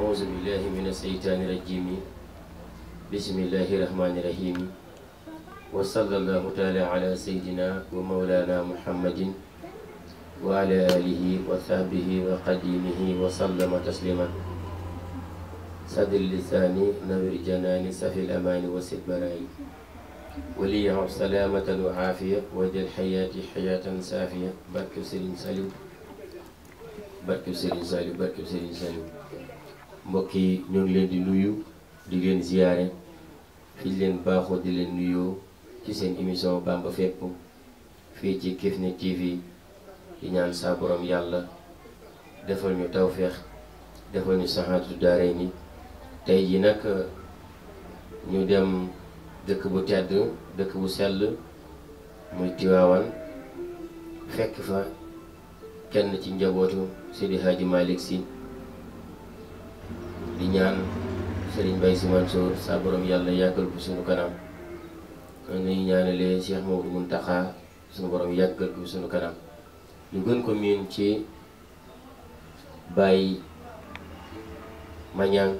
أعوذ بالله من الشيطان الرجيم بسم الله الرحمن الرحيم وصلى الله تعالى على سيدنا ومولانا محمد وعلى آله وصحبه وقديمه وسلم تسليما صدر اللسان نور الجنان سفي الأمان وسد ولي وليهم سلامة وعافية وجل حياة حياة سافية بركة سليم سالم بركة سليم سالم بركة سليم سالم mbokk yi ñoo ngi leen di nuyu di leen ziyaare fi leen baaxoo di leen nuyoo ci seen émission Bamba Fépp fii ci Kifne TV di ñaan saa borom yàlla defal ñu tawféex defal ñu saxaatu daare ni tey ji nag ñu dem dëkk bu tedd dëkk bu sell muy Tiwaawan fekk fa kenn ci njabootu Seydi Hadji Malick Sy di sering sëriñ Bay Si Mansour sa borom yàlla ya, yàggal ko suñu kanam kon nañu ñaanalee Cheikh Mawdo Muntaxa ya, suñu borom yàggal ko suñu kanam ñu gën ko miin ci Baye Mañang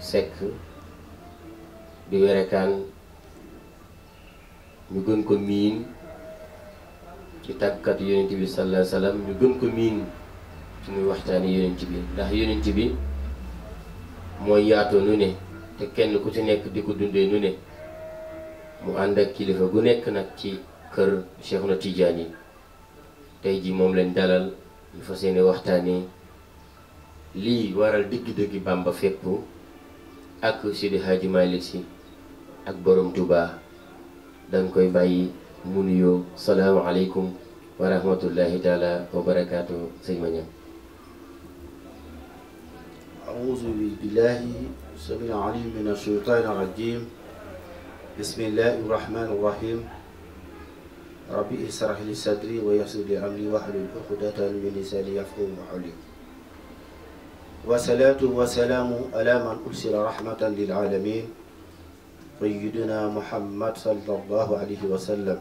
Seck di werekaan ñu gën ko miin ci tàggat yonent bi sallallahu alayhi wa ñu gën ko ci bi ndax bi mooy yaatoo nu ne te kenn ku ci nekk di ko dundee nu ne mu ànd ak kilifa gu nekk nag ci kër Cheikhna Tidiane yi tey ji moom lañ dalal ñu fa yéene waxtaanee lii waral dëgg-dëgg Bamba fépp ak si Hadji Malick ak borom Touba dañ koy bàyyi mu nuyoo salaamaaleykum wa rahmatullahi taala wa barakaatu Mañam أعوذ بالله السميع العليم من الشيطان الرجيم بسم الله الرحمن الرحيم ربي اشرح لي صدري ويسر لي أمري واحلل عقدة من لساني يفقهوا قولي وصلاة وسلام على من أرسل رحمة للعالمين سيدنا محمد صلى الله عليه وسلم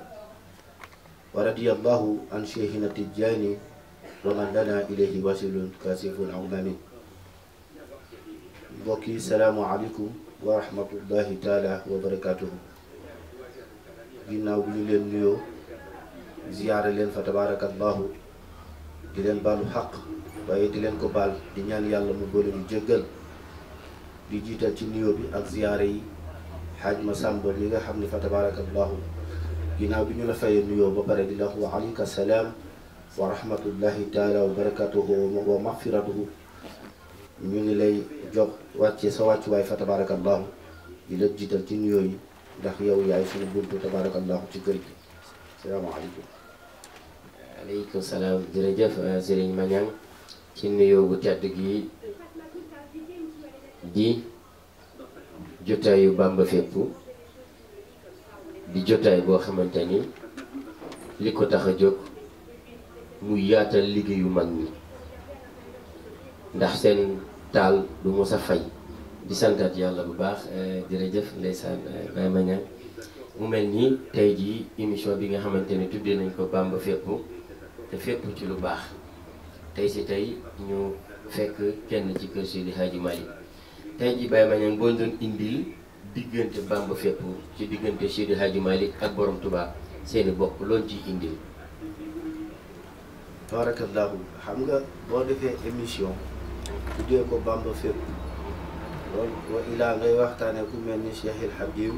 ورضي الله عن شيخنا التجاني ومن لنا إليه وسل كاسف عظيم mbokk yi salaamaaleykum wa rahmatullahi taala wa barakaatuhu ginnaaw bi ñu leen nuyoo ziyaare leen fa tabaarakallahu di leen baalu xaq waaye di leen ko baal di ñaan yàlla mu boole ñu jéggal di jiital ci nuyoo bi ak ziyaare yi xaaj ma sàmba li nga xam ne fa tabaarakallahu ginnaaw bi ñu la fayee nuyoo ba pare di la wax wa aleyka salaam wa rahmatullahi taala wa barakaatuhu wa maxfiratuhu ñu ngi lay jox wàcce sa wàccuwaay fa tabarakallahu di la jiital ci nuyoo yi ndax yow yaay suñu buntu tabarakallahu ci kër gi salaamaaleykum aleykum salaam jërëjëf euh, sëriñ Mañang ci nuyoo bu tedd gi di jotaayu Bamba fépp di jotaay boo xamante ni li ko tax a jóg mu yaatal liggéeyu mag ñi ndax seen taal du mos a fay di santat yàlla bu baax eh, jërëjëf ndeysaan eh, Baye Mañang mu mel nii tey jii émission bi nga xamante ne tuddee nañ ko Bamba Feppu te fépp ci lu baax tey si tey ñu fekk kenn ci kër si li Hadji Malick tey jii Baye Mañang boo doon indil diggante Bamba Feppu ci diggante Seydi Hadji Malick ak borom Tuubaa seeni bokk lool ci indil. barakallahu xam nga boo defee émission. tuddee ko Bamba fépp loolu ilaa ngay waxtaane ku mel ni Cheikhil Xadim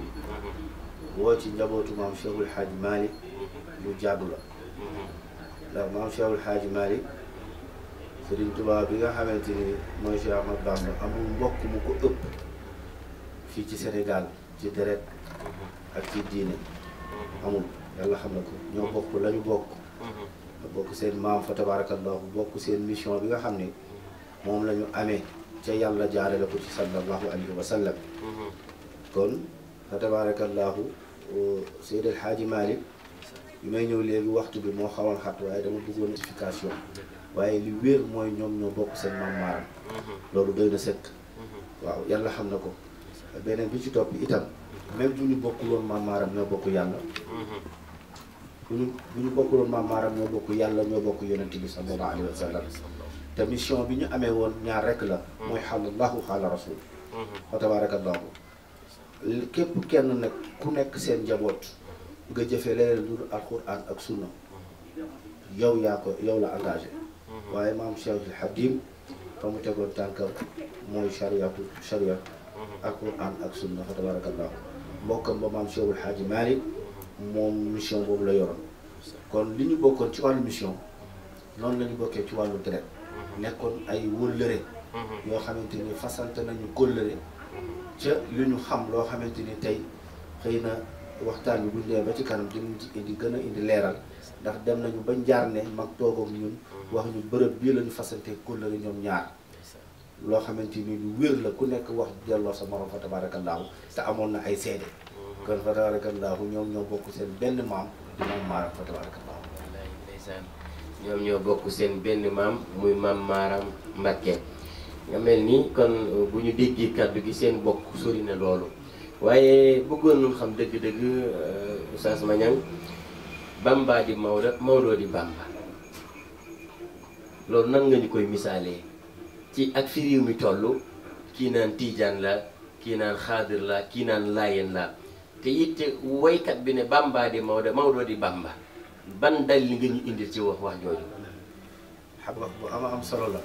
woo ci njabootu maam Cheikhul Xaaj Malick lu jàddu la ndax maam Cheikhul Xaaj Malick Sëriñ Tuubaa bi nga xamante ni mooy Cheikh Ahmad Bamba amul mbokk mu ko ëpp fii ci senegal ci deret ak ci diine amul yàlla xam ne ko ñoo bokk la ñu bokk bokk seen maam fa tabarakallahu bokk seen mission bi nga xam ni moom la ñu amee ca yàlla jaarale ko ci sallallahu alayhi wa sallam mm-hmm. kon fa tabarakallahu uh, Seydi El Hadji Malick bi may ñëw léegi waxtu bi moo xawoon xat waaye dama bëggoon notification waaye li wér mooy ñoom ñoo bokk seen maam maaram mm-hmm. loolu doy na sëkk mm-hmm. waaw yàlla xam na ko beneen bi ci topp itam même bu ñu bokkuloon maam maaram ñoo bokk yàlla bu ñu bu ñu bokkuloon maam maaram ñoo bokk yàlla ñoo bokk yonent bi sallallahu alayhi wa ta mission bi ñu amé won ñaar rek la moy xalallahu xaala rasul wa tabarakallah képp kenn nak ku nekk seen jabot nga jëfé leneen dur alquran ak sunna yow ya ko yow la engagé waye maam Cheikh Hadim fa mu tegoon tànkam mooy chariatu sharia alquran ak sunna fa tabarakallah mbokkam ba maam Cheikh Alhaaji malik moom mission boobu la yoroon kon li ñu bokkoon ci wàllu mission noonu la ñu bokkee ci wàllu deret nekkoon ay wóllëre mm-hmm. yoo xamante ni fasante nañu kóllëre ca li ñu xam loo xamante ni tey xëy na waxtaan bi buñ dee ba ci kanam dinañ ci indi gën a indi leeral ndax dem nañu ba njaar ne mag toog ak ñun mm-hmm. wax ñu bërëb bii lañu fasante kóllëre ñoom ñaar loo xamante ni lu wér la ku nekk wax delloo sa morom fa tabaarakallaahu sa amoon na ay seede mm-hmm. kon fa tabaarakallaahu ñoom ñoo bokk seen benn maam di moom maaram fa tabaarakallaahu ñoom ñoo bokk seen benn maam muy maam Maaram Mbakke nga mel ni kon euh, bu ñu déggee kàddu gi seen bokk sori na loolu waaye bëggoon nañu xam dëgg-dëgg euh, Oustaz Magnang Bamba di Maodo Maodo di Bamba loolu nan nga ñu koy misaalee ci ak fi mi toll kii naan tiijaan la kii naan xaadir la kii naan laayeen la te it woykat bi ne Bamba di Maodo Maodo di Bamba ban dalil nga ñu indil ci wax wax jooju. xam nga bu am am solo la.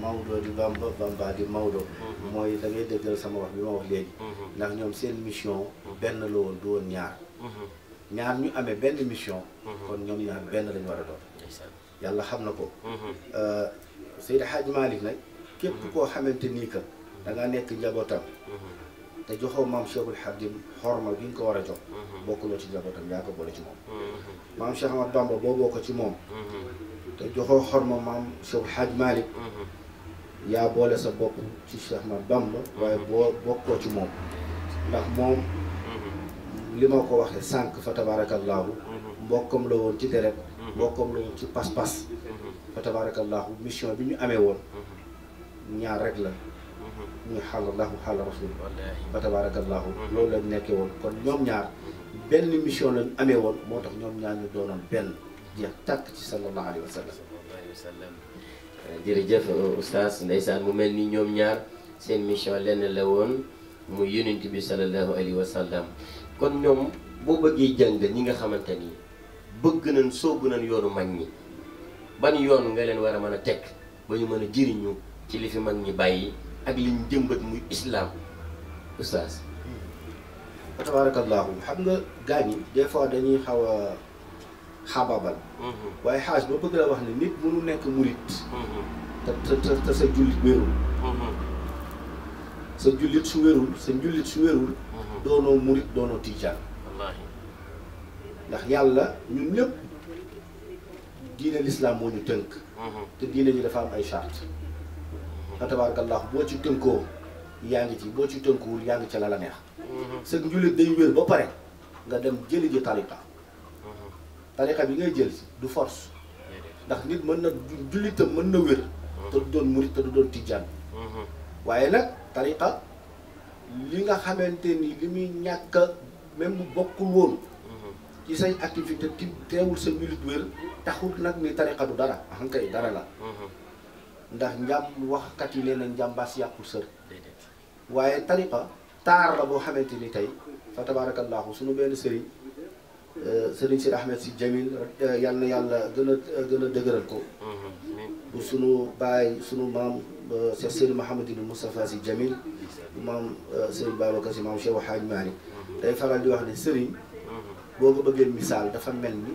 Maodo di Bamba Bamba di Maodo. Mm-hmm. mooy da ngay dëggal sama wax bi ma wax léegi. Mm-hmm. ndax ñoom seen mission. Mm-hmm. benn la woon du woon ñaar. ñaar ñu amee benn mission. kon ñoom ñaar benn lañu war a doon. yàlla xam na ko. Euh, Seydi Hadj Malick nag. képp koo xamante ni que da nekk njabootam. te joxoo maam Cheikhul Khadim xorma bi nga ko war a jox bokkuloo ci njabootam yaa ko boole ci moom maam Cheikh Ahmad Bamba boo bokk ci moom te joxoo xorma maam Cheikhul Hadj Malick yaa boole sa bopp ci Cheikh Ahmad Bamba waaye boo bokkoo ci moom ndax moom li ma ko waxee sànq fa tabaarakallaahu mbokkam la woon ci deret mbokkam la woon ci pas-pas fa tabaarakallaahu mission bi ñu amee woon ñaar rek la ñu xalallahu xala rasul fa tabarakallahu loolu lañ nekkee woon kon ñoom ñaar benn mission lañ amee woon moo tax ñoom ñaar ñu doonoon benn jeex tàkk ci sa sallallahu alayhi wa sallam euh, jërëjëf ndey euh, ndeysaan mu mel ni ñoom ñaar seen mission lenn la woon mu yonent bi sallallahu alayhi wa sallam kon ñoom boo bëggee jàngal ñi nga xamante ni bëgg nañ soobu nañ yoonu mag ñi ban yoon nga leen war a mën a teg ba ñu mën a jëriñu ci li fi mag ñi bàyyi ak li jëmbat muy islam oustaz. wa tabaarakallaahu xam nga gaañ yi des dañuy xaw a xababal. Mm-hmm. waaye xaaj ba bëgg la wax ne nit mënu nekk murit. Mm-hmm. te te te sa jullit wérul. Mm-hmm. sa jullit su wérul sa murit doonoo tiijaan. ndax yàlla ñun ñëpp diine lislaam moo ñu tënk. te diine ñi dafa am ay charte. fa tabarakallah boo ci tënkoo yaa ngi ci boo ci tënkuwul yaa ngi ci la la neex mhm. sa njulit day wér ba pare nga dem jëli ji tariqa mhm. tariqa bi ngay jël du force ndax nit mën na jullitam mën na wér mhm. te du doon murit te du doon tijjaan waaye nag tariqa li nga xamante ni li muy ñàkk même bu bokkul woon ci say activité teewul sa njulit wér taxul nag ni tariqa du dara xam kay dara la ndax njàm waxkat yi nee nañ njàmbaas yàqu sër waaye tariqa taar la boo xamante ni tey fa tabaarakallaahu suñu benn sëriñ euh, sëriñ si Ahmed si Jamil euh, yal na yàlla gën a a bu sunu baay sunu maam Cheikh Sëriñ Mouhamadou Moustapha si Jamil maam euh, sëriñ Babacar si maam Cheikh Hadj Malick day mhm. faral di wax ne sëriñ mhm. boo ko bëggee misaal dafa mel ni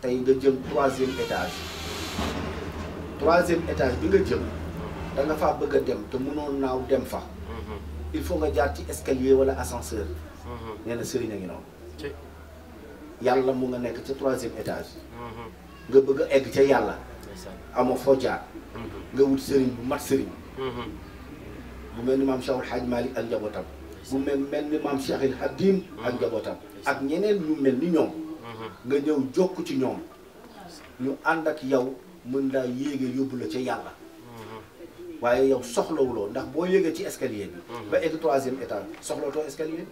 tey nga jëm troisième étage troisième étage bi nga jëm da nga faa bëgg a dem te mënoon naaw dem fa mhm. il faut nga jaar ci escalier wala ascenseur mhm. nee na sëriñ a ngi noonu yàlla mu nga nekk ca troisième étage mhm. nga bëgg a egg ca yàlla amoo foo jaar nga wut sëriñ bu mat sëriñ bu mel ni maam Cheikhul Hadj Malick ak njabootam bu mel mel ni maam Cheikhul Hadim ak njabootam ak ñeneen ñu mel ni ñoom nga ñëw jokk ci ñoom ñu ànd ak yow mën laa yéege yóbbu la ca yàlla waaye yow soxlawuloo ndax boo yéegee ci escalier bi mm-hmm. ba egg troisième étage soxlatoo escalier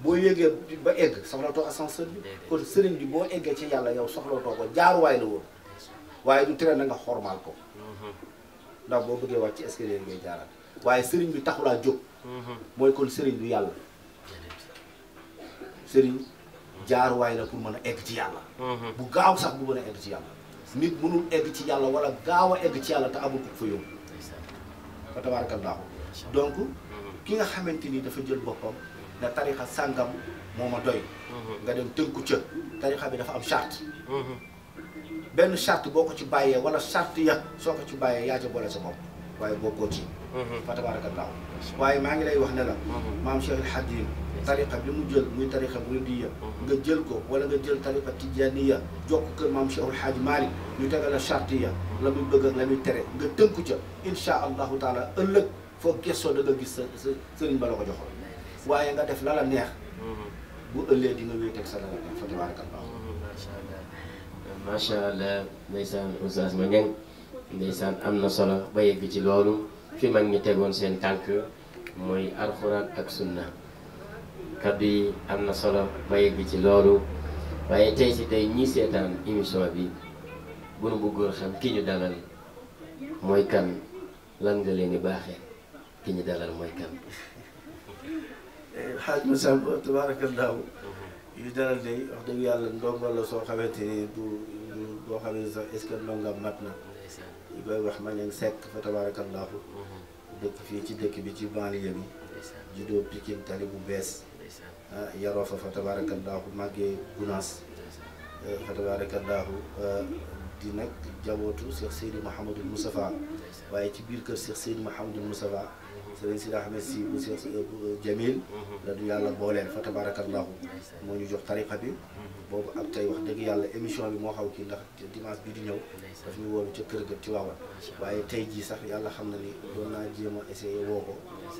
boo yéegee ba egg soxlatoo ascenseur bi kon sëriñ bi boo eggee ci yàlla yow soxlatoo ko jaaruwaay la woon waaye du tere na nga xormaal ko mm-hmm. ndax boo bëggee wàcc ci escalier ngay jaaraat waaye sëriñ bi taxulaa jóg mm-hmm. mooy kon sëriñ du yàlla sëriñ jaaruwaay la pour mën a egg ci yàlla bu gaaw sax bu mën a egg ci yàlla nit mënul egg ci yàlla wala gaaw a egg ci yàlla te amul ko fa yóbbu fa tabaarakallaahu donc mm-hmm. ki nga xamante ni dafa jël boppam na tarixa sàngam moo ma doy mm-hmm. nga dem tënku ca tarixa bi dafa am charte mm-hmm. benn charte boo ko ci bàyyee wala charte ya soo ko ci bàyyee yaa ca boole sa bopp waaye bokkoo ci a tabaarakallaahu waaye maa ngi lay wax ne la maam Cheikh El Hadj tariqa bi mu jël muy tariqa muridiya mhm. nga jël ko wala nga jël tariqa tijaniya jokk kër maam Cheikh El ñu tegal a chartiya la muy bëgg ak la muy tere nga tënku ca insha allahu taala ëllëg foo gëstoo da nga gis sa sa ba ko joxoon waaye nga def la la neex mhm. bu ëllee di nga teg sa la la neex fa tabarakallah mhm, macha allah macha allah ndeysaan oustaz ma ngeen ndeysaan am na solo ba yegg ci loolu fi mag ñu tegoon seen tànk mooy alxuraan ak sunna kaddu yi am na solo ba yegg ci loolu waaye tey si tey ñi seetaan émission bi bu góor bëggoon xam ki ñu dalal mooy kan lan nga leen di baaxee ki ñu dalal mooy kan. xaaj ma sàmm tabaarakallaahu yu dalal day wax dëgg yàlla ndongo la soo xamante ni bu boo xam ne sax est-ce que ndongam mat na. ñu koy wax ma leen sekk fa tabaarakallaahu mhm. dëkk fii ci dëkk bi ci banlieue bi. juddoo Pikine tali bu bees. yaroo fa fa tabaarakallaahu màggee gunaas fa tabaarakallaahu di nag jabootu Cheikh Seydi Mouhamadul Moustapha waaye ci biir kër Cheikh Seydi Mouhamadul Moustapha sëriñ Sidi Ahmed si bu Cheikh Jamil mm-hmm. la du yàlla booleel fa tabarakallahu moo ñu jox tariqa bi mm-hmm. boobu ak tey wax dëgg yàlla émission bi moo xaw kii ndax dimanche bi di ñëw daf ñu woolu ca kër ga ci waawan waaye tey jii sax yàlla xam na ni doon naa jéem a essayé woo ko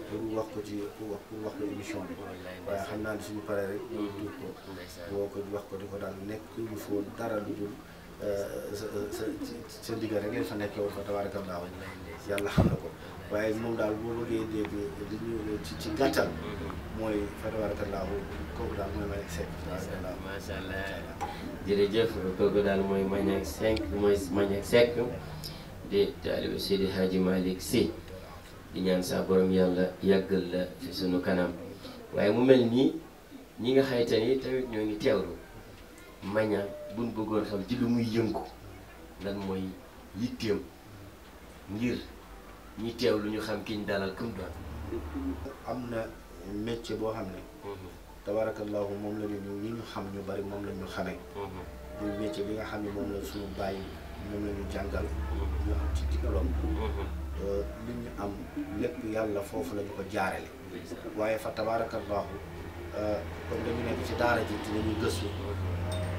pour wax ko ci pour wax pour wax ko émission waaye xam naa ni suñu paree rek mm-hmm. ko woo wax ko di ko daal nekk ñu foon dara lu dul euh, euh, sa sa sa ndigal rek ngeen fa nekkee woon fa tabarakallahu yàlla xam na ko waaye moom daal boo ci ci gàttal. Mm-hmm. mooy fa tabarakallahu kooku daal mooy Manick Seck. macha allah jërëjëf kooku daal mooy Manick Seck mooy di ñaan saa borom yàlla yàggal la fi sunu kanam waaye mu mel nii ñi nga xayta ni tamit ñoo ngi teewlu maña buñ bëggoon xam ci lu muy yëngu lan mooy yitteem ngir. ñi teew lu ñu xam ki ñu dalal kam doon am na métier boo xam ne mhm. tabarakallahu moom lañu ñu ñi ñu xam ñu bari moom la ñu xamee mhm. muy métier bi nga xam ne moom la suñu bàyyi moom la ñu jàngal mhm. ñu am ci diplôme li ñu am lépp yàlla foofu la ñu ko jaarale waaye fa tabarakallahu kon euh, dañu nekk ci daara ji te dañuy gëstu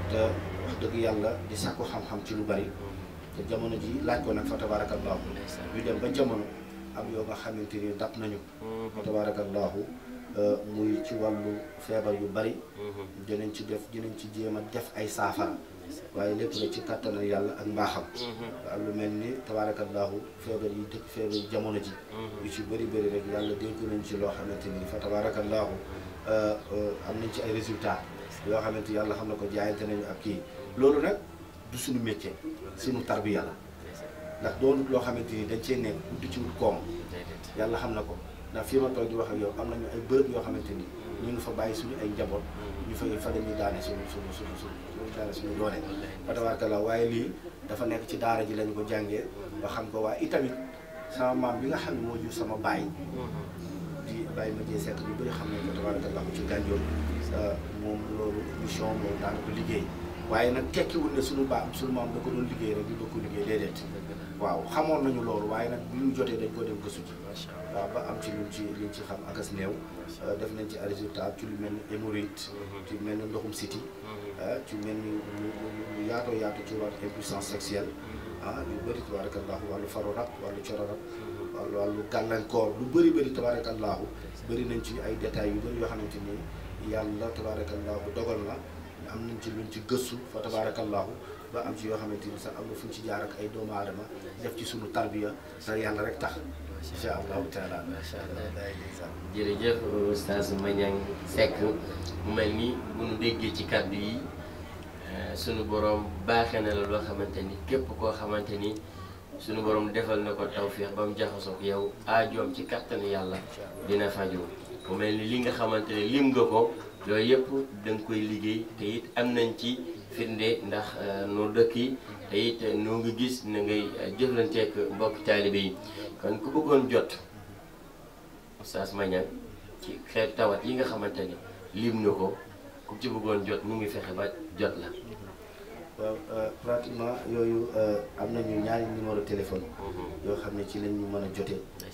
te wax dëgg yàlla di sàkku xam-xam ci lu bari te jamono ji laaj ko nag fa tabaarakallaahu ñu dem ba jamono am yoo nga xamante ni dab nañu mhm. fa tabaarakallaahu euh, muy ci wàllu feebar yu bari mhm. dinañ ci def dinañ ci jéem a def ay saafara waaye lépp ci kàttanal yàlla ak mbaaxam am mhm. lu mel ni tabaarakallaahu feebar yi dëkk jamono ji yu ci bëri bëri rek yàlla dénk nañ ci loo xamante ni fa tabaarakallaahu euh, euh, am nañ ci ay résultat yoo xamante yàlla xam na ko jaayante nañu ak kii loolu nag suñu métier suñu tarbiya la ndax doonut loo xamante ni dañ cee nekk du ci wut koom yàlla xam na ko ndax fii ma toog di wax ak yow am ñu ay bërëb yoo xamante ni ñu ngi fa bàyyi suñu ay njaboot ñu fa fa dañuy daane suñu suñu suñu suñu daane suñu doole fa waaye lii dafa nekk ci daara ji lañu ko jàngee ba xam ko waaye itamit sama maam bi nga xam ne moo sama baay di bàyyi ma jee sekk ñu xam ne ko tabaarkalla ci gànjoor moom loolu mission moom daanaka liggéey waaye nag tekkiwul ne suñu baam suñu maam da ko doon liggéey rek di bokk liggéey déedéet waaw xamoon nañu loolu waaye nag bu ñu jotee dañ ko dem gëstu ji waaw ba am ci luñ ci luñ ci xam akas néew euh, def nañ ci ay résultat ci lu mel ni hémorroïde mm-hmm. ci mel ni ndoxum siti mm-hmm. euh, ci mel ni lu yaatoo yaatu ci wàllu impuissance sexuelle mm-hmm. ah lu bëri tabaarakallaahu wàllu farorab wàllu cororab wàllu wàllu gàllankoor lu bëri bëri tabaarakallaahu bari nañ ci ay détails yu bëri yoo xamante ni yàlla tabaarakallaahu dogal na am nañ ci luñ ci gëstu fa tabaarakallaahu ba am ci yoo xamante ni sax am na fu ñu ci jaar ak ay doomu aadama def ci sunu tarbiya te yàlla rek tax incha allahu taala macha allah jërëjëf oustaz Maniang Seck mu mel ni bu déggee ci kàddu yi eh, sunu borom baaxe na la loo xamante ni képp koo xamante ni sunu borom defal na ko tawféex ba mu jaxasoo yow aajoom ci kattanu yàlla dina fajoo mu mel ni li nga xamante ne lim nga ko. yooyu yëpp da koy liggéey te am nañ ci firnde ndax euh, noo dëkk yi te noo ngi gis na ngay jëflanteek mbokk taalibe yi kon ku bëggoon jot Oustaz Mañaan ci xeet tawat yi nga xamante ni lim ko ku ci bëggoon jot mu ngi fexe ba jot la euh, pratiquement yooyu euh, am nañu ñaari numéro téléphone mm-hmm. yoo xam ne ci lañ ñu mën a jotee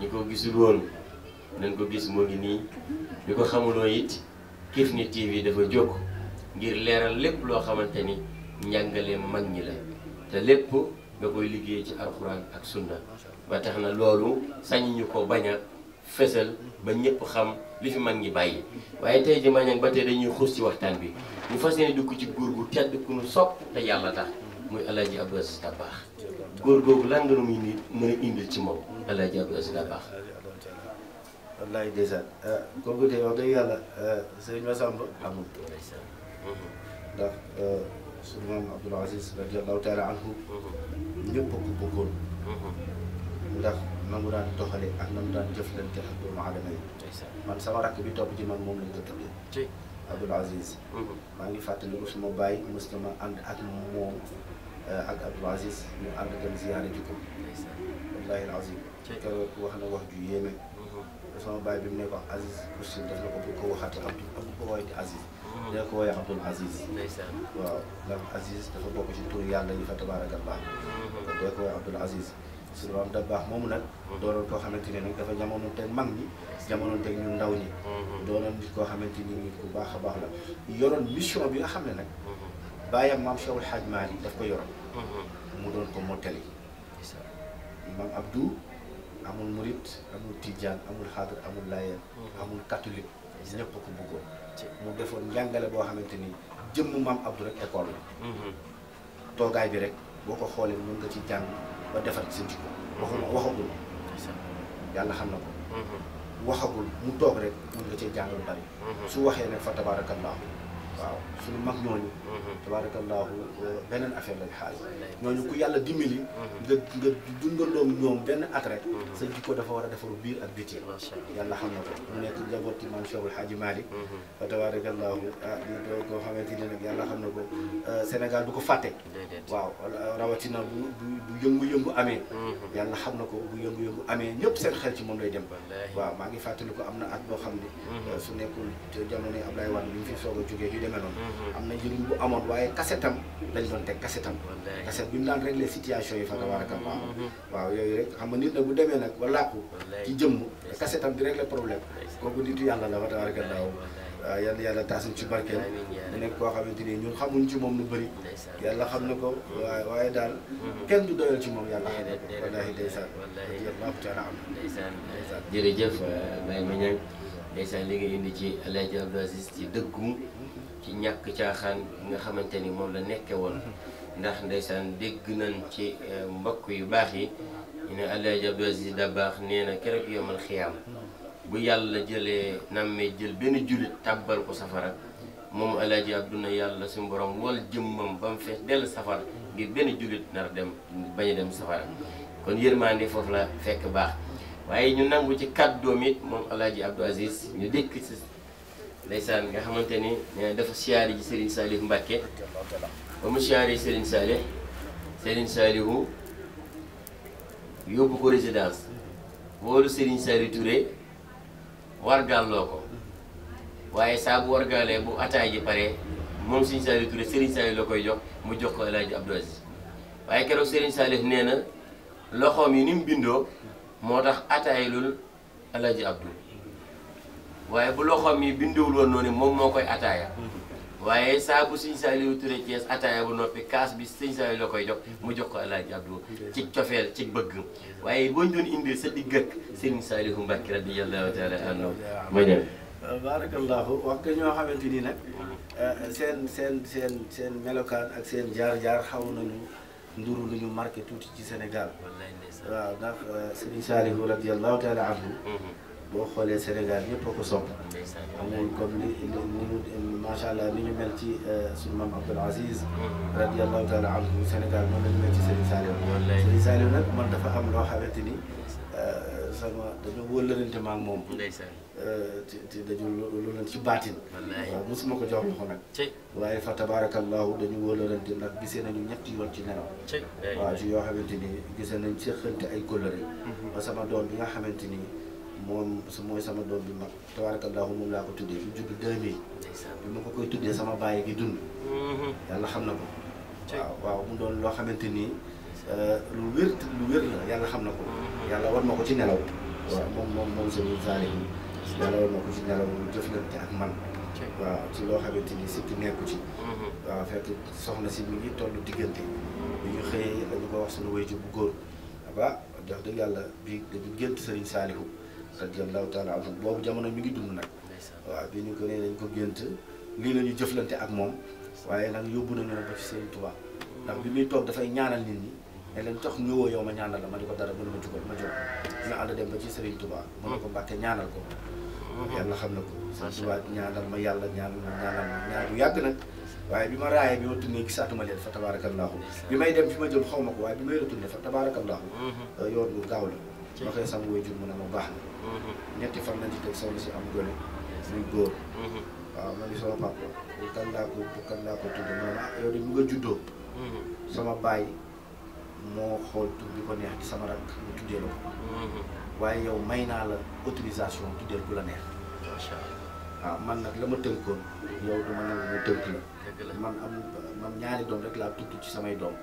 ñu ko gisul woon nañ ko gis moo ngi nii ñi ko xamuloo it Kifne TV dafa jóg ngir leeral lépp loo xamante ni njàngale mag ñi la te lépp nga koy liggéey ci alxuraan ak sunna ba tax na loolu sañ ñu ko bañ a fesal ba ñëpp xam li fi mag ñi bàyyi waaye tey ji maanaam ba tey dañuy xuus ci waxtaan bi ñu fas yéene dugg ci góor gu tedd ku nu sopp te yàlla tax muy El Hadj Abdou Aziz googu lan nga nu muy mën a indil ci moom. allah ji abdou asila baax wallaay ndeysaan eh, kooku de wax dëgg yàlla eh, sëriñ Massamba amul ndax eh, suñu maam Abdoul Aziz radiallahu taala anhu ñëpp ko bëggoon ndax na mu daan doxale ak na mu daan jëflante man sama rakk bi topp ci man moom lañ Aziz maa ngi fàttaliku suma bàyyi mës na ma ànd ak moom ak Abdoul Aziz ñu ànd dem keroog wax na wax ju yéeme sama baay bi mu ne ko Aziz Boussine daf na ko bu ko waxaat Abdou bu ko woowee Aziz dina ko woowee Abdoul Aziz waaw ndax Aziz dafa bokk ci tur yàlla yi fa tabaarakallah kon dina ko woowee Abdoul Aziz suñu am da baax moomu nag doonoon koo xamante ne nag dafa jamono teg mag ñi jamono teg ñu ndaw ñi doonoon nit koo xamante ni nit ku baax a baax la yoroon mission bi nga xam ne nag bàyyam maam Cheikhul Hadj Malick daf ko yoroon mu doon ko mottali maam Abdou amul murit amul tijaan amul xaadir amul laayeen mm-hmm. amul catholique ñëpp ko bëggoon mu defoon njàngale boo xamante ni jëmm maam Abdou rek école la mm-hmm. toogaay bi rek boo ko xoolee mën nga ci jàng ba defar ci mm-hmm. waxuma waxagul yàlla xam na ko waxagul mu toog rek mën nga cee jàng lu bari su waxee ne fa tabaarakallaahu waaw suñu mag ñooñu mm-hmm. tabaarakallaahu beneen affaire lañ xaal mm-hmm. ñooñu ku yàlla dimbali mm-hmm. nga nga dundandoom ñoom benn at rek sa jikko dafa war a defaru biir ak biti yàlla xam na ko mu nekk njaboot ci maam Cheikhul Hadji Malick fa tabaarakallaahu ah ñu koo xamante ni nag yàlla xam na ko ah, Sénégal du ko fàtte waaw rawatina bu bu yëngu-yëngu amee yàlla xam na ko bu yëngu-yëngu amee ñëpp seen xel ci moom lay dem waaw maa ngi fàttali ko am na at boo xam ne ah, su nekkul jamono Ablaye Wade bi ñu fi soog a jógee demee noonu mhm. am na njëriñ bu amoon waaye kasetam dañ doon teg kasetam kaset bi mu daan réglé situation yi fa mhm. tabarakallah mhm. waaw yooyu rek xam nga nit nag bu demee nag ba làqu ci jëmm te kasetam di réglé problème kooku nitu yàlla la fa tabarakallah yàlla yàlla taasuñ ci barkeel mu nekk koo xamante ni ñun xamuñ ci moom yàlla xam na ko waaye daal kenn du doyal ci moom yàlla xam na ko wallaahi ndeysaan yàllaaku taala am jërëjëf Baye Mandiang ndeysaan li nga indi ci Alaaji Abdou Aziz ci ci ñàkk caaxaan nga xamante ni moom la nekkee woon mm-hmm. ndax ndeysaan dégg nañ ci eh, mbokk yu baax yi ñu ne Alaaji Abdou Aziz Dabakh nee na keroog yomal xiyaam mm-hmm. bu yàlla jëlee nammee jël benn jullit tàbbal ko safara moom Alaaji Abdou na yàlla suñu borom wal jëmmam ba mu dell safara ngir benn jullit nar dem bañ a dem safara kon yërmaande foofu la fekk baax waaye ñu nangu ci kàddoom it moom Alaaji Abdou Aziz ñu dékk ci ndeysaan nga xamante ni dafa siyaari ji Serigne Saliou Mbacke ba mu siyaari Serigne Saliou Serigne Saliou yóbbu ko résidence woolu Serigne Saliou Touré wargalloo ko waaye saa bu wargaalee bu ataay ji pare moom Serigne Saliou Touré Serigne Saliou la koy jox mu jox ko El Hadj Abdou Aziz waaye keroog Serigne Saliou nee na loxoom yi ni mu bindoo moo tax ataay lul El Hadj Abdou waaye bu loxoom yi binduwul woon noonu moom moo koy ataaya waaye saa bu sëñ Saliou Touré Thiès bu noppi kaas bi sëñ Saliou la koy jox mu jox ko Alaaji Abdou ci cofeel ci bëgg waaye boo ñu doon indi sa digg ak sëñ Saliou Mbacke radiyallahu taala anhu ma ñëw barakallahu wax nga ñoo xamante ni nag eh, seen seen seen seen melokaan ak seen jaar xaw nañu nduru lu ñu tuuti ci Sénégal waaw ndax eh, sëñ Saliou boo xoolee Sénégal yëpp a ko sopp am nañ comme ni ni macha allah ni ñu mel ci suñu maam Abdoul Aziz radiallahu taala anhu Sénégal moom lañ mel ci Serigne Saliou Serigne Saliou nag man dafa am loo xamante ni sama dañoo wëllërante ma ak moom te dañu lu leen ci baatin waaw mosuma ko jox loxo nag waaye fa tabarakallahu dañu wëllërante ndax gisee nañu ñetti yoon ci nelaw waaw ci yoo xamante ni gisee nañ séqante ay kóllëre ba sama doom bi nga xamante ni moom mooy sama doom bi mag tabaarakallaahu moom laa ko tuddee bu judd 2000. bi ma ko koy tuddee sama bàyyi gi dund. Mm-hmm. yàlla xam na ko. waaw waaw doon loo xamante ni euh, lu wér la yàlla xam na ko. Mm-hmm. yàlla war na ko ci nelaw. moom moom moom seen saali yi. yàlla war na ko ci nelaw lu jëflante ak ci loo xamante ni si nekku ci. Mm-hmm. waaw fekk soxna si mi ngi tollu diggante. bi ñu xëyee dañu ko wax suñu wéyju bu góor. waa wax dëgg yàlla bi dañu gént Serigne Saliou. radiyallahu taala anhu boobu jamono mi ngi dund nag waaw bi ñu ko nee dañ ko gént lii la ñu jëflante ak moom waaye nag yóbbu nañu nag ba ci Serigne Touba ndax bi muy toog dafay ñaanal nit ñi ne leen tax ñëwoo ma ñaanal la ma ko dara mën ma ma jóg dina ànd dem ba ci Serigne Touba mm. na ko mbàkke ñaanal ko mm-hmm. yàlla xam na ko Serigne Touba ñaanal ma yàlla ñaanal ma ñaanal ma yàgg nag waaye bi ma raayee bi ma tunnee gisaatuma leen fa tabaarakallaahu bi may dem fi ma jël xaw ma ko waaye bi may retourné fa tabaarakallaahu mm-hmm. yoon bu gaaw la ma koy sam wooy jur mu ne ma baax na Mhm. ñetti fan lañ ci teg si am gone muy góor mhm. waaw ma ngi sama papa bu kan laa ko bu kan laa ko tudd moom ah, yow de bu nga juddoo mhm. sama baay moo xool tur bi ko neex ci sama rakk mu yow may naa la autorisation tuddee ku la neex macha ah, man nag la ma tënkoon yow duma nangu mu tënk la man am man ñaari doom rek laa tudd ci samay doom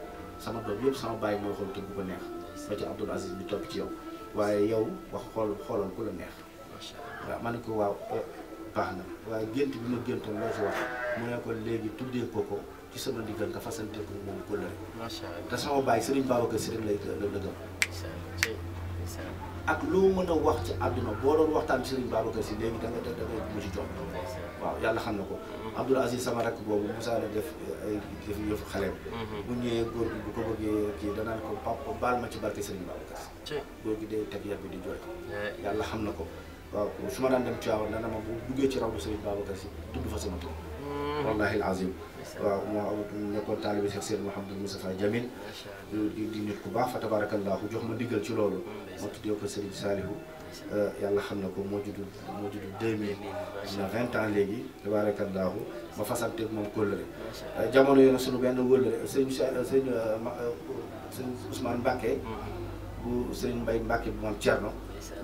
sama doom yëpp sama baay mooy xool tur bi ko neex ba ci Abdoul Aziz bi topp ci yow waaye yow wax xool xoolal ku la neex waaw ma ne ko waaw eh, baax na waaye gént bi ma géntoon loo si wax mu ne ko léegi tuddee ko ko ci sama ndigal nga fasante ko moom ko lëre te sama bàyyi Serigne Babacar Sy rek lay la dëggal ak loo mën a wax ci àdduna boo doon waxtaan Serigne Babacar Sy léegi da nga da nga mu ci jox waaw yàlla xam na ko عبد العزيز سمارك بابو موسى دف دف يوف خلاص بني غور بكو بكي كي دانا كم باب بال ما تبار كسرين بابو كاس غور كده تبي يبي دي جوات يا الله حمنا كم واو شو ما ندم تياو ندم ما بو بيجي تراو بسرين بابو كاس تبي فصل ما تو والله العظيم واو ما نكون تالي بسخسر محمد موسى فاجمين دي دي نكبا فتبارك الله وجوه ما ديجل شلولو ما تديو بسرين ساليه Euh, yàlla xam na ko moo juddu moo juddu 2000 am na 20 ans léegi tabaarakallaahu ma fasanteeg moom kóllëre euh, jamono yoon suñu benn wëllëre sëñ euh, sëñ sëñ Ousmane Mbacke mm-hmm. bu sëñ Mbaye bi bu moom Thierno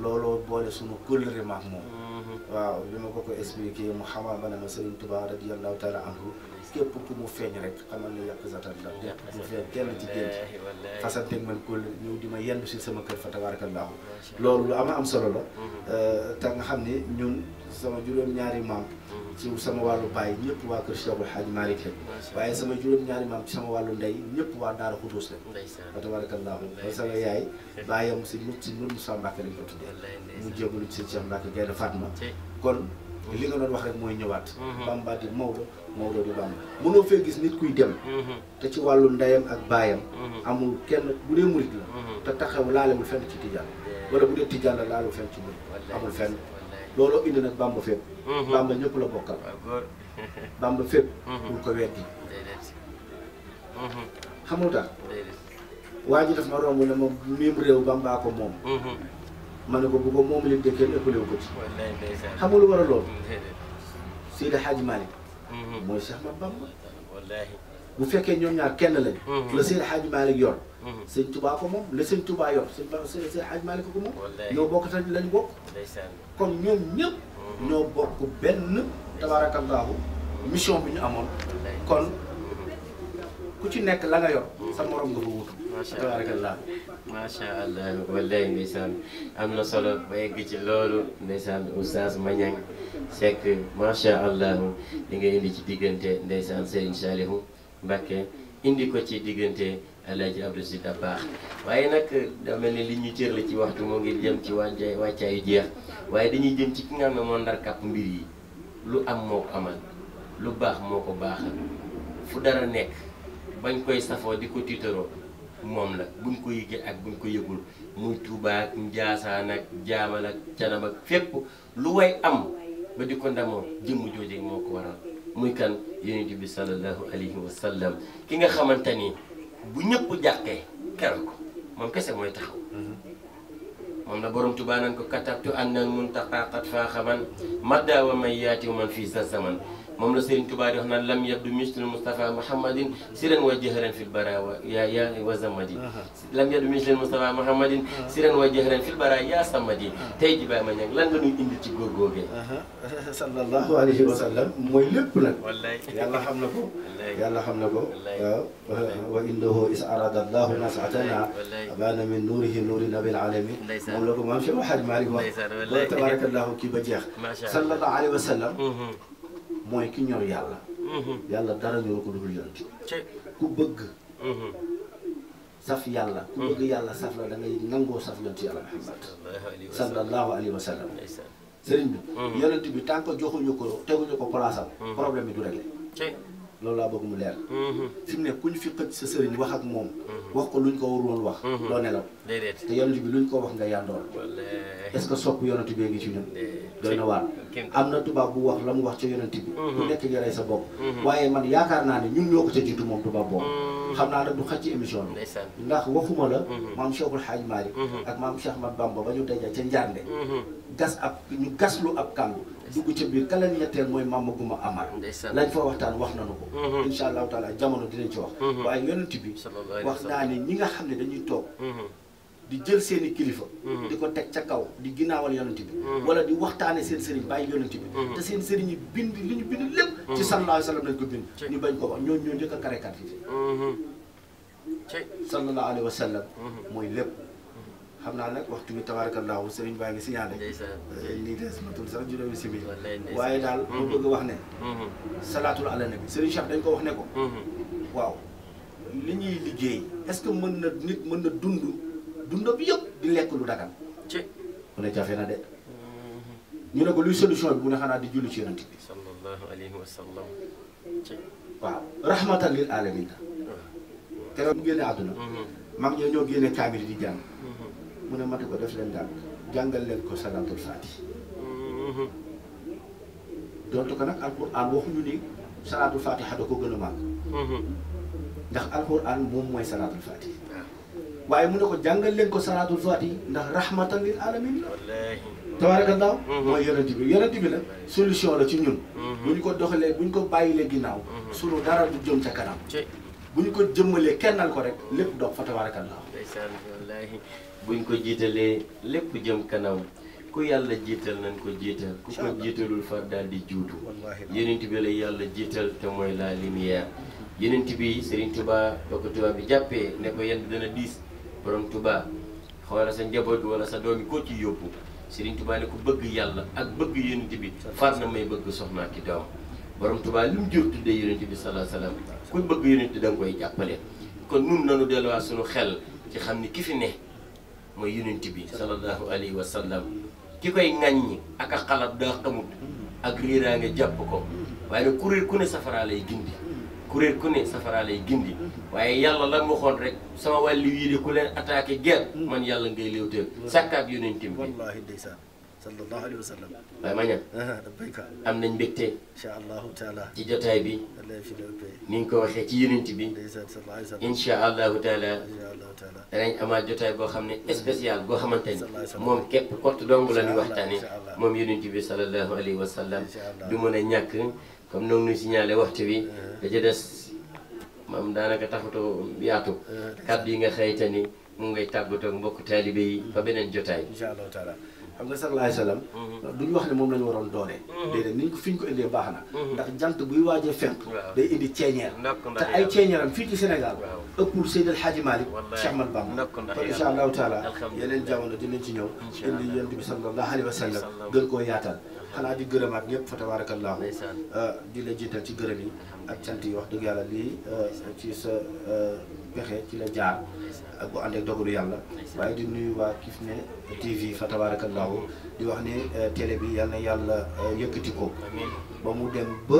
looloo boole suñu kóllëre maak moom mm-hmm. waaw bi ma ko ko expliqué mu xamal ba ne ma sëriñ Tuubaa radiyallaahu taala anhu képp ku mu feeñ rek xamal ne yàq zatar dal mu feeñ kenn ci gént fasanteeg man kóol ñëw di ma yendu si sama kër fa tabaarakallaahu loolu lu ama am solo la mm-hmm. euh, te nga xam ne ñun sama juróom-ñaari maam mm-hmm. ci sama wàllu baay ñëpp waa kër Cheikhul Hadj Malick lañ waaye sama juróom-ñaari ndey ñëpp waa Daara Xutuus lañ fa tabaarakallaahu sama yaay baayam si mut si mur Moussa Mbacke lañ ko tuddee mu jégalu ci Cheikh Mbacke Gaynde Fatma kon te li nga doon wax rek mooy ñëwaat mhm. Bamba di Maodo Maodo di Bamba mënoo fee gis nit kuy dem mhm. te ci wàllu ndeyam ak baayam mhm. amul kenn bu dee murit la te taxaw laalewul fenn ci tijaan wala bu dee tijaan la laalewul fenn ci murit amul fenn looloo indi nag Bamba fépp Bamba ñëpp la bokkal ah, Bamba fépp bul ko weddi xamul tax waa ji daf ma romb ne moom miim réew Bamba ko moom ma ne ko bu ko moom leen dëkkee ëppale ko ci. xam lu war a lool. Seydi Hadji Malick. Mhm. mooy Cheikh Mat Bamba. bu fekkee ñoom ñaar kenn lañ. Mhm. la Seydi Hadji Malick yor. Mhm. sëñ Touba ko moom la sëñ Touba yor sëñ Ba Seydi ko moom. ñoo bokk tamit lañ bokk. kon ñoom ñëpp. ñoo bokk benn tabaarakallaahu mission bi ñu amoon. kon ku ci nekk la nga yor. sa morom nga ko wutu. tabarakallah macha allah wallaay ndeysaan am na solo ba yegg ci loolu ndeysaan oustaz Mañang Seck macha allah li nga indi ci diggante ndeysaan Serigne Salihu Mbacké indi ko ci diggante Alaaji Abdou Sy Dabakh waaye nag da mel ni li ñu cër la ci waxtu moo ngi jëm ci wàccaay wàccaayu jeex waaye dañuy jëm ci ki nga xam ne moo yi lu am moo amal lu baax moo ko baaxal fu dara nekk bañ koy safoo diko ko tiitaroo moom la buñ ko yëgee ak buñ ko yëgul muy Tuuba ak Njaasaan ak Jaamal ak Canaba ak fépp lu way am ba di ko ndamoo jëmm jooje moo ko waral muy kan yonent bi sallallahu alayhi wa ki nga xamante ni bu ñëpp jàqee keral ko moom kese mooy taxaw moom la borom Tuuba nan ko katabtu annal muntaqa qad faaxa man madda wa man yaati man fii sa zaman مم لسيرن كبار هنا لم يبدو مثل مصطفى محمد سيرا وجهرا في البراوة يا يا وزمدي لم يبدو مثل مصطفى محمد سيرا وجهرا في البراوة يا سمدي تجيب من يعني لن نقول إن تجيب غوغة صلى الله عليه وسلم مولبنا يا الله حمله يا الله حمله وإنه إس أراد الله نصعتنا أبانا من نوره نور نبي العالمين مولكم ما شاء الله حد مالك تبارك الله كي بجاه صلى الله عليه وسلم mooy ki ñor yàlla. Mhm. yàlla dara ñoru ko dugul yonent ku bëgg. Mhm. saf yàlla. ku mhm. bëgg yàlla saf la da ngay nangoo saf yonent yàlla Muhammad. sallallahu alayhi wa sallam. sëriñ bi. yonent bi tant que joxuñu ko teguñu ko palaasam. problème bi du réglé. loolu laa bëgg mu leer. Mhm. fi ne ku ñu fi xëcc sa sëriñ wax ak moom. Mhm. wax ko luñ ko warul woon wax. Mhm. doo nelaw. déedéet te yonent bi luñ ko wax nga yàndoor. est-ce que sopp yonent bee ngi ci ñun. doy na waar am na tubaab bu wax la mu wax ca yonent bi. ku nekk nga sa bopp. waaye man yaakaar naa ne ñun ñoo ko ca jiitu moom tubaab boobu. xam naa nag du xaj ci émission bi. ndax waxuma la. maam Cheikhul Hadj Malick. ak maam Cheikh Ahmad Bamba ba ñu daja ca Njaarnde. gas ab ñu gaslu ab kàmb. dugg ci biir ka leen ñetteel mooy Mama Guma Amar lañ fa waxtaan wax nañu ko mhm. insha allahu taala jamono dinañ ci wax mhm. waaye yonent bi wax naa ne ñi nga xam ne dañuy toog mhm. di jël seen i kilifa di ko teg ca kaw di ginnaawal yonent bi wala di waxtaane seen sëriñ bàyyi yonent bi te seen sëriñ yi bind li ñu bind lépp ci sallallahu alayhi wa sallam ko bind ñu bañ ko wax ñoo ñoo njëkk a karikatifi sallallahu alayhi wa sallam mooy lépp xam naa nag waxtu bi tabaarakallaahu sëriñ baa ngi signalé eh, lii des matul sax juróomi simili waaye daal mu mm-hmm. bëgg wax ne mm-hmm. salaatul ala nabi sëriñ Cheikh dañ ko wax ne ko mm-hmm. waaw li ñuy liggéey est-ce que mën na nit mën na dund dund bi yëpp di lekk lu dagan mu ne jafe na de ñu ne ko luy solution bi mu ne xanaa di julli ci yonent bi sallallahu alayhi wa sallam waaw rahmatan alamin la keroog mu génne àdduna mag ñoo ñoo génne kaamil di jàng mu ne matu ko def leen dànk jàngal leen ko salaatul faati mm-hmm. donte ko nag alxuraan waxuñu ni salaatul faatiha da ko gën a màgg mm-hmm. ndax alxuraan moom mooy salaatul faatiha waaye mu ne ko jàngal leen ko salaatul faatiha ndax rahmatan lil alamin tabaarakallaahu mm-hmm. mooy yonent bi yonent bi la solution la ci ñun bu ñu ko doxalee bu ñu ko bàyyilee ginnaaw sunu dara du jëm ca kanam bu ñu ko jëmmalee kennal ko rek lépp dox fa tabaarakallaahu buñ ko jiitalee lépp jëm kanam ku yàlla jiital nañ ko jiital ku ko jiitalul far daal di juutu yenent bi la yàlla jiital te mooy la lumière yenent bi Serigne tubaa ba ko Touba bi jàppee ne ko yenn dana diis borom tubaa xoola sa njaboot wala sa doom yi koo ci yóbbu Serigne Touba ne ko bëgg yàlla ak bëgg yenent bi far na may bëgg soxnaa ki doom borom tubaa li mu jur tuddee yenent bi salaa salaam ku bëgg yenent da koy jàppale kon nun ci xam ni ki fi ne mooy yonent bi sallallahu alayhi wa sallam ki koy ŋàññi ak a xalaat daa xamut ak riiraange jàpp ko waaye nag kuréel ku ne safaraa lay gindi kuréel ku ne safaraa lay gindi waaye yàlla la mu waxoon rek sama wàllu yii de ku leen attaqué guerre man yàlla ngay léewteel sàkkaab yonent bi sallallahu alayhi wa sallam waaye ma ah, am nañ mbégte incha allahu taala ci jotaay bi ni nga ko waxee ci yonent bi incha allahu taala danañ amaat jotaay boo xam ne spécial boo xamante ni moom képp kott dong la ñuy waxtaane moom yonent bi sallallahu alayhi wa sallam du mën a ñàkk comme noonu ñu signalé waxtu bi da uh-huh. ca des maam daanaka taxutoo yaatu uh-huh. kàddu yi nga xëyte ni mu ngay tàggatoo mbokk taalibe yi fa mm-hmm. beneen jotaay incha allahu taala xam nga sallallahu alayhi wasallam mhm. duñu wax ne moom la ñu waroon doole mhm. déedéet ni ñu ko indee baax na mhm. ndax jant buy waajee fenk day indi ceeñeer te ay ceeñeeram fii ci Sénégal ëppul Seydi El Hadji Malick Cheikh Ahmad Bamba kon insha allahu taala yeneen jamono dinañ ci ñëw indi yonent bi sallallahu alayhi wasallam gën koo yaatal xanaa di gërëmaat ñëpp fa tabarakallahu euh, di la jiital ci gërëm yi ak cant yi wax dëgg yàlla lii euh, ci sa euh, pexe ci la jaar ak bu ànd ak dogalu yàlla waaye di nuyu waa Kifne TV fa tabaarakallaahu di wax ne eh, télé bi yal na yàlla eh, yëkkati ko ba mu dem ba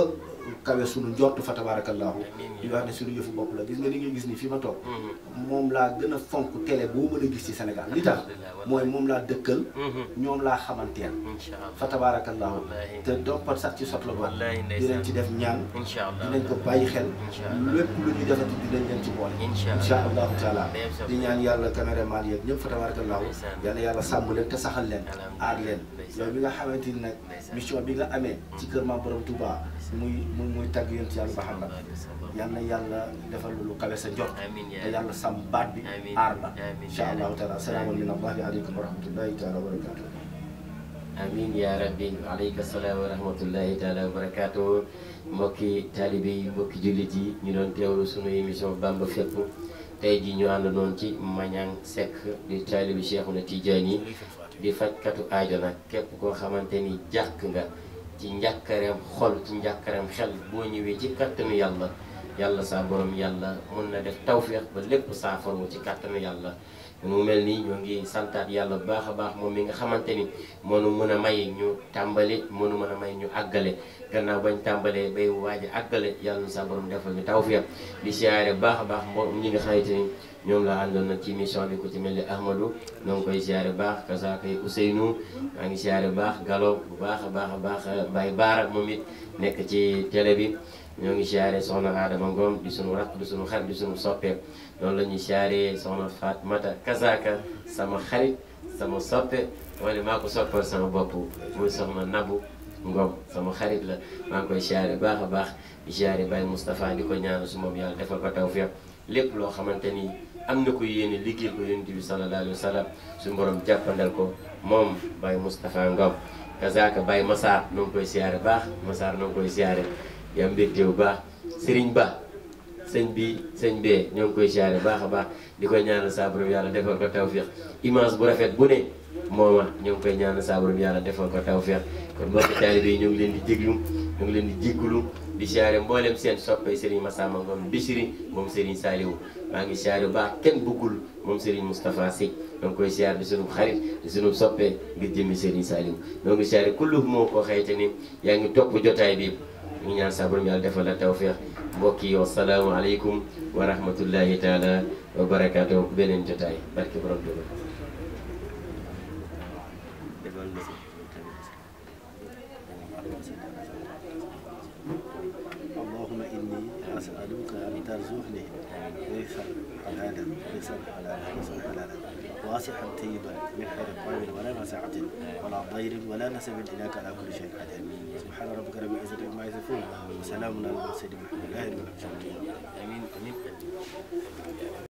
kawe suñu njort fa tabaarakallaahu di wax ne suñu yëfu bopp la gis nga li ngay gis nii fi ma toog mhm. moom laa gën a fonk télé boo mën a gis ci Sénégal li tax mooy moom laa dëkkal mhm. ñoom laa xamanteel fa tabaarakallaahu te doppat sax ci sot la bokk dinañ ci def ñaan dinañ ko bàyyi xel lépp lu ñuy defati dinañ leen ci boole insha allahu taala di ñaan yàlla caméraman yeeg ñëpp fa tabaarakallaahu yàlla yàlla sàmm leen te saxal leen aar leen yow bi nga xamante ni nag mission bi nga amee ci kër maam borom Touba muy muy muy tàgg yonent yàlla ba xam nag yal na yàlla defal lu kawe sa njort te yàlla sàmm bi aar la incha wa rahmatullahi taala wa barakatuh amin ya rabbi aleyka salaam wa rahmatullahi taala wa mbokki taalibe mbokki jullit yi ñu doon teewlu sunu émission Bamba Fépp tey ji ñu ànd noonu ci Mañang Seck di taalibe Cheikhouna Tidiane yi di fajkatu aajo nag képp koo xamante ni jàkk nga ci njàkkareem xol ci njàkkareem xel boo ñëwee ci kattanu yàlla yàlla saa borom yàlla mun na def tawféex ba lépp saafaru ci kattanu yàlla mu mel nii ñoo ngi santaat yàlla bu baax a baax moom mi nga xamante ni nu mën a may ñu tàmbali moonu mën a may ñu àggale gannaaw bañ tàmbalee bay waaj a àggale yàlla saa borom defal ñu tawféex di siyaare baax a baax mbo ñi nga xamante ñoom la àndoon nag ci mission bi ku ci mel ni Ahmadou ñoo ngi koy ziare baax kasaaka yi Ousseynou maa ngi ziare baax galo bu baax baax baax a baax Baye Baar moom nekk ci télé bi ñoo ngi ziare soxna Adama Ngom di suñu rakk di suñu xarit di suñu soppeem loolu la ñuy ziare soxna Fatmata kasaaka sama xarit sama soppe wala maa ko soppal sama bopp muy soxna Nabou Ngom sama xarit la maa ngi koy ziare baax a baax di ziare Baye Moustapha di ko ñaanu suma moom yàlla defal ko tawfeex lépp loo xamante ni. am na ko yéene liggéeyal ko yonent bi sallallahu alayhi wa sallam suñu borom jàppandal ko moom Baye Moustapha Ngom kazaaka Baye Massar noo ngi koy siyaare baax Massar noo ngi koy siyaare yaa mbégte bu baax Serigne Ba sëñ bi sëñ bee ñoo ngi koy siyaare baax a baax di koy ñaanal saa yàlla defal ko tawféex image bu rafet bu ne mooma ñoo koy ñaanal saa yàlla defal ko tawféex kon mbokki taalibe yi ñoo ngi leen di jéglu di siyaare mboolem seen soppe Serigne Massamba Ngom Bichri moom Serigne Saliou maa ngi siyaare bu baax kenn bëggul moom Serigne Moustapha Sy ñoo ngi koy siyaare di sunu xarit di sunu soppe ngir jëmmi Serigne Saliou ñoo ngi siyaare kullu moo ko xëyte ni yaa ngi topp jotaay bi ñu ñaan sa borom yàlla defal la tawféex mbokk yi wassalaamu aleykum wa rahmatullahi taala wa barakaatu beneen jotaay barke borom غيرك ولا نسب إليك على كل شيء قدير سبحان ربك رب العزة عما يصفون وسلام على المرسلين والحمد لله رب العالمين آمين آمين